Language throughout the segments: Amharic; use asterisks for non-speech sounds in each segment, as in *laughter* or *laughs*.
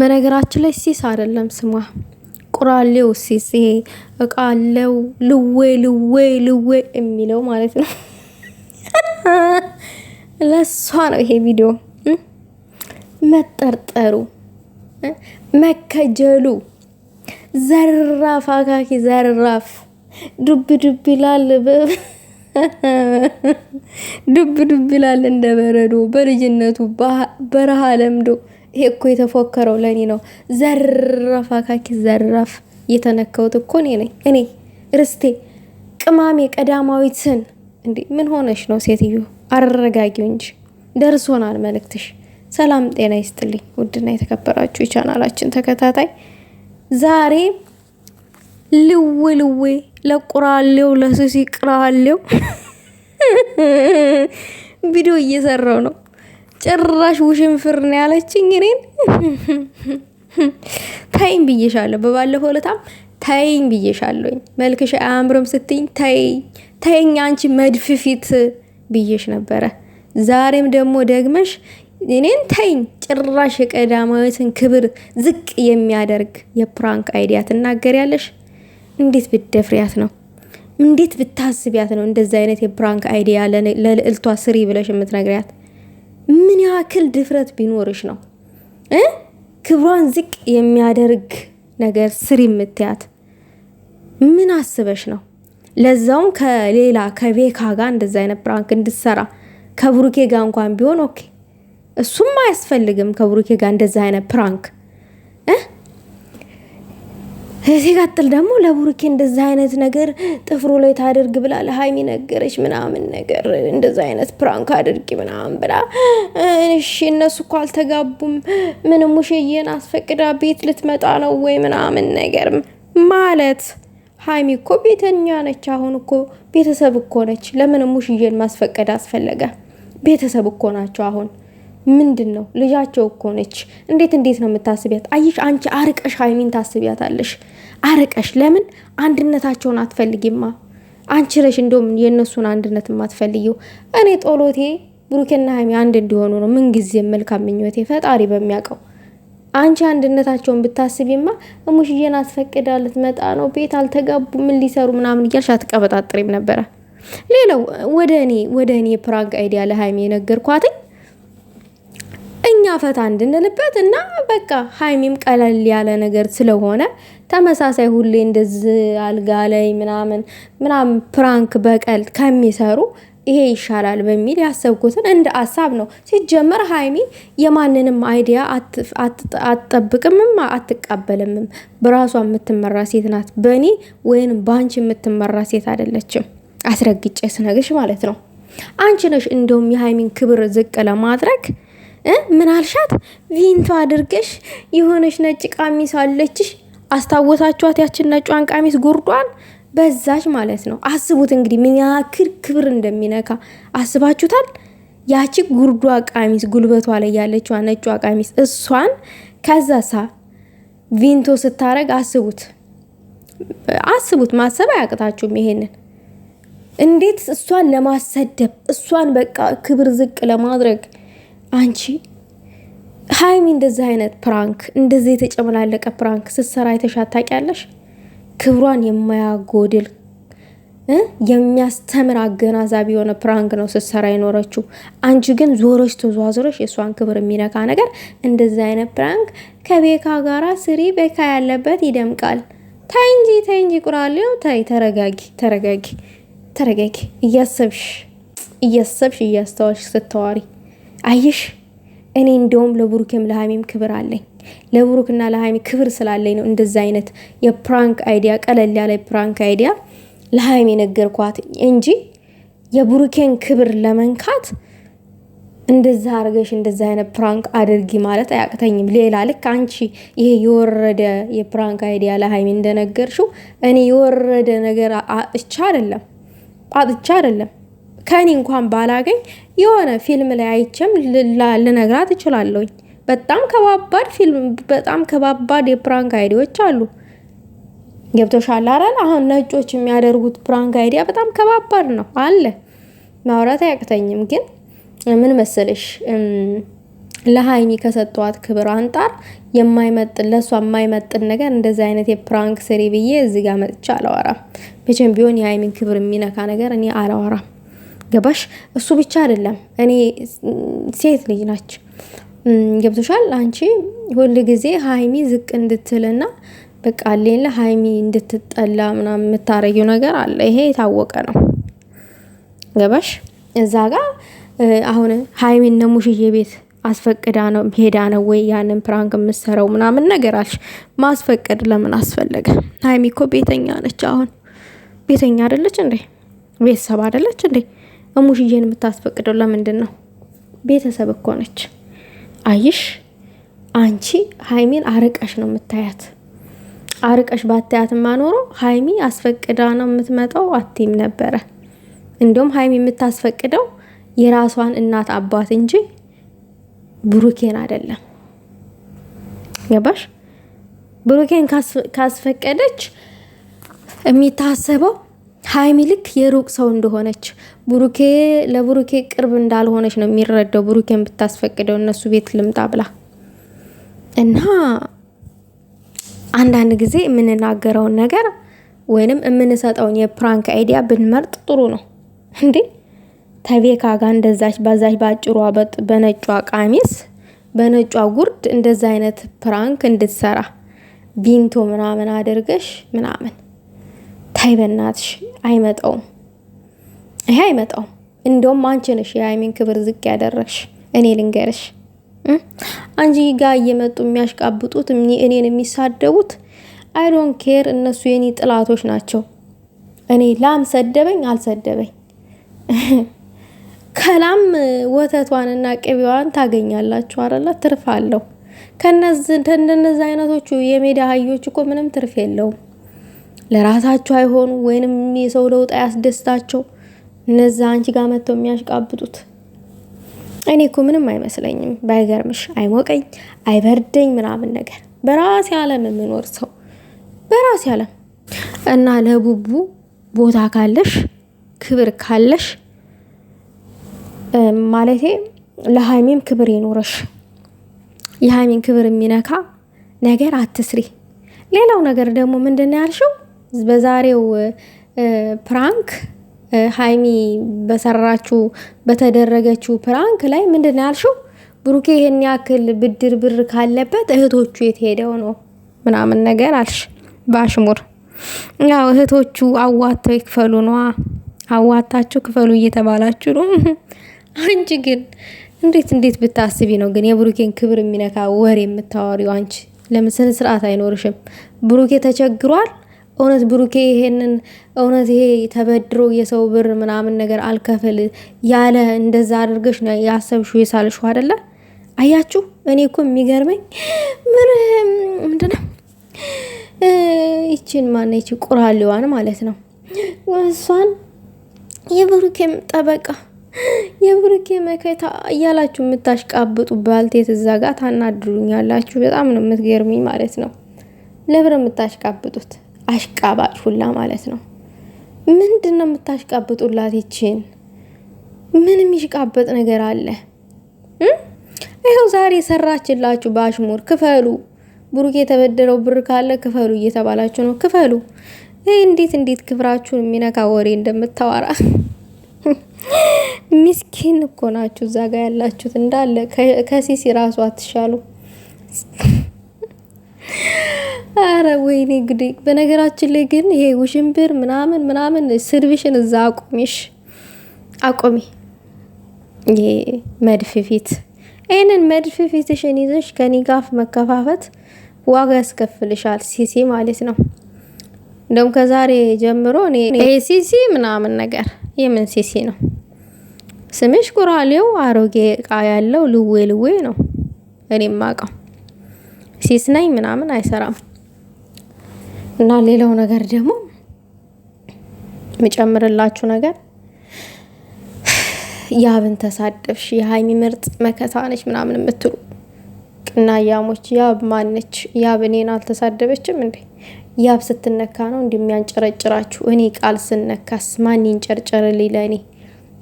በነገራችን ላይ ሲስ አይደለም ስሟ ቁራሌው እቃ እቃለው ልዌ ልዌ ልዌ የሚለው ማለት ነው። *laughs* ለእሷ ነው ይሄ ቪዲዮ። መጠርጠሩ መከጀሉ ዘራፍ አካኪ ዘራፍ ዱብ ዱብ ይላል *laughs* ዱብ ዱብ ይላል እንደ በረዶ በልጅነቱ በረሃ ለምዶ ይሄ እኮ የተፎከረው ለእኔ ነው። ዘራፍ አካኪ ዘራፍ። የተነከውት እኮ እኔ ነኝ። እኔ ርስቴ ቅማሜ ቀዳማዊትን እንዴ! ምን ሆነሽ ነው ሴትዮ? አረጋጊው እንጂ ደርሶናል መልእክትሽ። ሰላም ጤና ይስጥልኝ። ውድና የተከበራችሁ የቻናላችን ተከታታይ ዛሬ ልዌ ልዌ ለቁራሌው ለሱሲ ቅራሌው *laughs* ቪዲዮ እየሰራው ነው ጭራሽ ውሽንፍር ነው ያለችኝ እኔን። ተይኝ ብዬሻለሁ፣ በባለፈው ዕለታም ተይኝ ብዬሻለሁኝ። መልክሽ አያምርም ስትኝ ተይኝ ተይኝ አንቺ መድፍፊት ብዬሽ ነበረ። ዛሬም ደግሞ ደግመሽ እኔን ተይኝ። ጭራሽ የቀዳማዊትን ክብር ዝቅ የሚያደርግ የፕራንክ አይዲያ ትናገሪያለሽ። እንዴት ብደፍሪያት ነው? እንዴት ብታስቢያት ነው እንደዚህ አይነት የፕራንክ አይዲያ ለልዕልቷ ስሪ ብለሽ የምትነግሪያት? ምን ያክል ድፍረት ቢኖርሽ ነው እ ክብሯን ዝቅ የሚያደርግ ነገር ስሪ የምትያት? ምን አስበሽ ነው? ለዛውም ከሌላ ከቤካ ጋር እንደዛ አይነት ፕራንክ እንድትሰራ ከብሩኬ ጋር እንኳን ቢሆን ኦኬ፣ እሱም አያስፈልግም። ከብሩኬ ጋር እንደዛ አይነት ፕራንክ ሲቀጥል ደግሞ ለቡርኬ እንደዛ አይነት ነገር ጥፍሩ ላይ ታደርግ ብላ ለሀይሚ ነገረች ምናምን ነገር እንደዛ አይነት ፕራንክ አድርጊ ምናምን ብላ። እሺ እነሱ እኮ አልተጋቡም፣ ምንም ውሽዬን አስፈቅዳ ቤት ልትመጣ ነው ወይ ምናምን ነገር ማለት ሀይሚ እኮ ቤተኛ ነች። አሁን እኮ ቤተሰብ እኮ ነች። ለምንም ውሽዬን ማስፈቀድ አስፈለገ? ቤተሰብ እኮ ናቸው አሁን ምንድን ነው ልጃቸው እኮ ነች። እንዴት እንዴት ነው የምታስቢያት? አይሽ አንቺ አርቀሽ ሀይሚን ታስቢያታለሽ። አርቀሽ ለምን አንድነታቸውን አትፈልጊማ? አንቺ ረሽ እንደውም የእነሱን አንድነት የማትፈልጊው። እኔ ጦሎቴ ብሩኬና ሀይሚ አንድ እንዲሆኑ ነው ምንጊዜም መልካም ምኞቴ፣ ፈጣሪ በሚያውቀው አንቺ አንድነታቸውን ብታስቢማ እሙሽዬን አስፈቅዳ ልትመጣ ነው፣ ቤት አልተጋቡ ምን ሊሰሩ ምናምን እያልሽ አትቀበጣጥሪም ነበረ። ሌላው ወደ እኔ ወደ እኔ ፕራንክ አይዲያ ለሀይሚ የነገርኳትኝ እኛ ፈታ እንድንልበት እና በቃ ሀይሚም ቀለል ያለ ነገር ስለሆነ ተመሳሳይ ሁሌ እንደዚህ አልጋ ላይ ምናምን ምናምን ፕራንክ በቀል ከሚሰሩ ይሄ ይሻላል በሚል ያሰብኩትን እንደ ሀሳብ ነው። ሲጀመር ሀይሚ የማንንም አይዲያ አትጠብቅምም አትቀበልምም። በራሷ የምትመራ ሴት ናት። በእኔ ወይም በአንቺ የምትመራ ሴት አይደለችም። አስረግጬ ስነግርሽ ማለት ነው። አንቺ ነሽ እንደውም የሀይሚን ክብር ዝቅ ለማድረግ ምን አልሻት? ቪንቶ አድርገሽ የሆነች ነጭ ቀሚስ አለችሽ። አስታወሳችኋት? ያችን ነጯን ቀሚስ ጉርዷን በዛች ማለት ነው። አስቡት እንግዲህ ምን ያክል ክብር እንደሚነካ አስባችሁታል? ያቺ ጉርዷ ቀሚስ ጉልበቷ ላይ ያለችዋ ነጯ ቀሚስ እሷን ከዛሳ ቪንቶ ስታረግ አስቡት፣ አስቡት ማሰብ አያቅታችሁም ይሄንን እንዴት እሷን ለማሰደብ እሷን በቃ ክብር ዝቅ ለማድረግ አንቺ ሀይሚ እንደዚህ አይነት ፕራንክ እንደዚህ የተጨመላለቀ ፕራንክ ስትሰራ የተሻት ታውቂያለሽ? ክብሯን የማያጎድል የሚያስተምር አገናዛቢ የሆነ ፕራንክ ነው ስትሰራ የኖረችው። አንቺ ግን ዞሮች ተዟዞረሽ የእሷን ክብር የሚነካ ነገር እንደዚህ አይነት ፕራንክ ከቤካ ጋራ ስሪ፣ ቤካ ያለበት ይደምቃል። ታይ እንጂ ታይ እንጂ ቁራሌው ታይ። ተረጋጊ ተረጋጊ ተረጋጊ። እያሰብሽ እያሰብሽ እያስተዋልሽ ስተዋሪ አየሽ እኔ እንደውም ለብሩኬም ለሀይሜም ክብር አለኝ። ለቡሩክና ለሀይሜ ክብር ስላለኝ ነው እንደዚ አይነት የፕራንክ አይዲያ ቀለል ያለ ፕራንክ አይዲያ ለሀይሜ ነገርኳት እንጂ የቡሩኬን ክብር ለመንካት እንደዛ አርገሽ እንደዛ አይነት ፕራንክ አድርጊ ማለት አያቅተኝም። ሌላ ልክ አንቺ ይሄ የወረደ የፕራንክ አይዲያ ለሀይሜ እንደነገርሽው እኔ የወረደ ነገር አጥቻ አይደለም አጥቻ አይደለም ከኔ እንኳን ባላገኝ የሆነ ፊልም ላይ አይቼም ልነግራት እችላለሁኝ። በጣም ከባባድ ፊልም በጣም ከባባድ የፕራንክ አይዲዎች አሉ። ገብቶሻል አይደል? አሁን ነጮች የሚያደርጉት ፕራንክ አይዲያ በጣም ከባባድ ነው አለ ማውራት አያቅተኝም። ግን ምን መሰለሽ ለሀይሚ ከሰጠዋት ክብር አንጣር የማይመጥን ለእሷ የማይመጥን ነገር እንደዚህ አይነት የፕራንክ ስሪ ብዬ እዚህ ጋር መጥቻ አላወራም። መቼም ቢሆን የሀይሚን ክብር የሚነካ ነገር እኔ አላወራም። ገባሽ? እሱ ብቻ አይደለም። እኔ ሴት ልጅ ናች፣ ገብቶሻል? አንቺ ሁል ጊዜ ሀይሚ ዝቅ እንድትልና በቃ ሌለ ሀይሚ እንድትጠላ ምናምን የምታረጊው ነገር አለ። ይሄ የታወቀ ነው። ገባሽ? እዛ ጋ አሁን ሀይሚ እነ ሙሽዬ ቤት አስፈቅዳ ነው ሄዳ ነው ወይ ያንን ፕራንክ የምሰረው ምናምን ነገር አልሽ። ማስፈቀድ ለምን አስፈለገ? ሀይሚ እኮ ቤተኛ ነች። አሁን ቤተኛ አይደለች እንዴ? ቤተሰብ አደለች እንዴ? እሙሽዬን የምታስፈቅደው ለምንድን ነው? ቤተሰብ እኮ ነች። አይሽ አንቺ ሀይሚን አርቀሽ ነው የምታያት። አርቀሽ ባታያት ማኖሮ ሀይሚ አስፈቅዳ ነው የምትመጣው አትይም ነበረ። እንዲሁም ሀይሚ የምታስፈቅደው የራሷን እናት አባት እንጂ ብሩኬን አይደለም። ገባሽ? ብሩኬን ካስፈቀደች የሚታሰበው ሀይሚ ልክ የሩቅ ሰው እንደሆነች ብሩኬ ለብሩኬ ቅርብ እንዳልሆነች ነው የሚረዳው። ብሩኬን ብታስፈቅደው እነሱ ቤት ልምጣ ብላ እና አንዳንድ ጊዜ የምንናገረውን ነገር ወይንም የምንሰጠውን የፕራንክ አይዲያ ብንመርጥ ጥሩ ነው እንዴ። ተቤካ ጋ እንደዛች በዛች በአጭሯ በጥ በነጯ ቀሚስ በነጯ ጉርድ እንደዛ አይነት ፕራንክ እንድትሰራ ቢንቶ ምናምን አድርገሽ ምናምን ታይበናትሽ አይመጣውም። ይሄ አይመጣውም። እንደውም አንቺ ነሽ የሀይሚን ክብር ዝቅ ያደረግሽ። እኔ ልንገርሽ አንጂ ጋ እየመጡ የሚያሽቃብጡት እኔን የሚሳደቡት አይዶን ኬር፣ እነሱ የኔ ጥላቶች ናቸው። እኔ ላም ሰደበኝ አልሰደበኝ *laughs* ከላም ወተቷንና ቅቤዋን ታገኛላችሁ አረላ ትርፍ አለው። ከነዚህ አይነቶቹ የሜዳ አህዮች እኮ ምንም ትርፍ የለውም። ለራሳቸው አይሆኑ ወይንም የሰው ለውጥ አያስደስታቸው እነዛ አንቺ ጋር መጥተው የሚያሽቃብጡት። እኔ እኮ ምንም አይመስለኝም ባይገርምሽ፣ አይሞቀኝ አይበርደኝ ምናምን ነገር በራሴ ዓለም የምኖር ሰው በራሴ ዓለም እና ለቡቡ ቦታ ካለሽ ክብር ካለሽ ማለቴ ለሀይሜም ክብር ይኖረሽ። የሀይሜን ክብር የሚነካ ነገር አትስሪ። ሌላው ነገር ደግሞ ምንድን ነው ያልሽው? በዛሬው ፕራንክ ሀይሚ በሰራችው በተደረገችው ፕራንክ ላይ ምንድን ያልሽው? ብሩኬ ይሄን ያክል ብድር ብር ካለበት እህቶቹ የት ሄደው ነው ምናምን ነገር አልሽ ባሽሙር። ያው እህቶቹ አዋተው ይክፈሉ ነዋ። አዋታችሁ ክፈሉ እየተባላችሁ ነው። *laughs* አንቺ ግን እንዴት እንዴት ብታስቢ ነው ግን የብሩኬን ክብር የሚነካ ወሬ የምታወሪው አንቺ? ለምን ስነ ስርዓት አይኖርሽም? ብሩኬ ተቸግሯል እውነት ብሩኬ ይሄንን እውነት ይሄ ተበድሮ የሰው ብር ምናምን ነገር አልከፍል ያለ እንደዛ አድርገሽ ያሰብሽው የሳልሽው አይደለ? አያችሁ፣ እኔ እኮ የሚገርመኝ ምን ምንድነው ይችን ማነ ይች ቁራሌዋን ማለት ነው እሷን የብሩኬም ጠበቃ የብሩኬ መከታ እያላችሁ የምታሽቃብጡ ባልቴት እዛ ጋር ታናድሩኛላችሁ። በጣም ነው የምትገርሚኝ ማለት ነው ለብር የምታሽቃብጡት አሽቃባጭ ሁላ ማለት ነው። ምንድን ነው የምታሽቃብጡላት? ይችን ምንም ይሽቃበጥ ነገር አለ? ይኸው ዛሬ የሰራችላችሁ በአሽሙር ክፈሉ። ብሩክ የተበደረው ብር ካለ ክፈሉ እየተባላችሁ ነው። ክፈሉ። እንዴት እንዴት ክብራችሁን የሚነካ ወሬ እንደምታወራ *laughs* ሚስኪን እኮ ናችሁ። እዛ ጋ ያላችሁት እንዳለ ከሲሲ ራሱ አትሻሉ። አረ ወይኔ ግዴ። በነገራችን ላይ ግን ይሄ ውሽንብር ምናምን ምናምን ስድብሽን እዛ አቁሚሽ አቁሚ። ይሄ መድፍ ፊት ይህንን መድፍ ፊትሽን ይዘሽ መከፋፈት ዋጋ ያስከፍልሻል። ሲሲ ማለት ነው። እንደውም ከዛሬ ጀምሮ ይሄ ሲሲ ምናምን ነገር የምን ሲሲ ነው? ስምሽ ጉራሌው አሮጌ እቃ ያለው ልዌ ልዌ ነው እኔ ማቀው ሴት ነኝ ምናምን አይሰራም። እና ሌላው ነገር ደግሞ የምጨምርላችሁ ነገር ያብን ተሳደብሽ፣ የሀይሚ ምርጥ መከታ ነች ምናምን የምትሉ እና ያሞች ያብ ማነች? ያብ እኔን አልተሳደበችም እንዴ? ያብ ስትነካ ነው እንደሚያንጨረጭራችሁ። እኔ ቃል ስነካስ ማን ይንጨርጨርልኝ? ለእኔ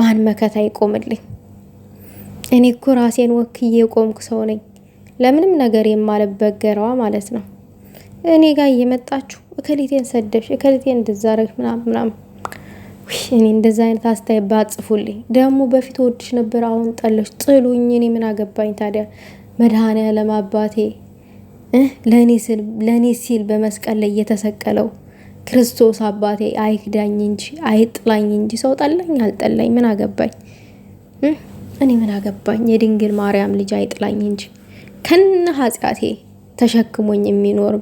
ማን መከታ ይቆምልኝ? እኔ እኮ ራሴን ወክዬ የቆምኩ ሰው ነኝ። ለምንም ነገር የማልበገረዋ ማለት ነው። እኔ ጋር እየመጣችሁ እከሊቴን ሰደብሽ፣ እከሊቴን እንድዛረግ ምናምን ምናምን። እኔ እንደዛ አይነት አስተያየት ባጽፉልኝ ደግሞ። በፊት ወድሽ ነበር አሁን ጠለሽ ጥሉኝ። እኔ ምን አገባኝ ታዲያ? መድኃኔዓለም አባቴ ለእኔ ሲል በመስቀል ላይ የተሰቀለው ክርስቶስ አባቴ አይክዳኝ እንጂ አይጥላኝ እንጂ ሰው ጠላኝ አልጠላኝ ምን አገባኝ? እኔ ምን አገባኝ? የድንግል ማርያም ልጅ አይጥላኝ እንጂ ከነ ኃጢአቴ ተሸክሞኝ የሚኖር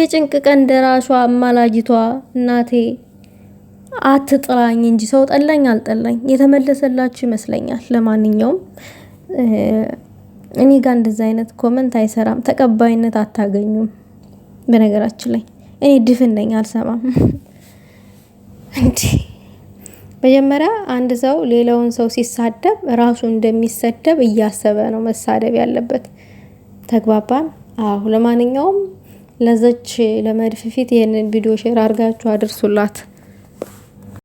የጭንቅ ቀን ደራሿ አማላጅቷ እናቴ አትጥላኝ እንጂ ሰው ጠላኝ አልጠላኝ የተመለሰላችሁ ይመስለኛል። ለማንኛውም እኔ ጋር እንደዚ አይነት ኮመንት አይሰራም፣ ተቀባይነት አታገኙም። በነገራችን ላይ እኔ ድፍን ነኝ፣ አልሰማም *laughs* እንዲህ መጀመሪያ አንድ ሰው ሌላውን ሰው ሲሳደብ ራሱ እንደሚሰደብ እያሰበ ነው መሳደብ ያለበት። ተግባባን? አሁ ለማንኛውም ለዘች ለመድፍፊት ይህንን ቪዲዮ ሼር አድርጋችሁ አድርሱላት።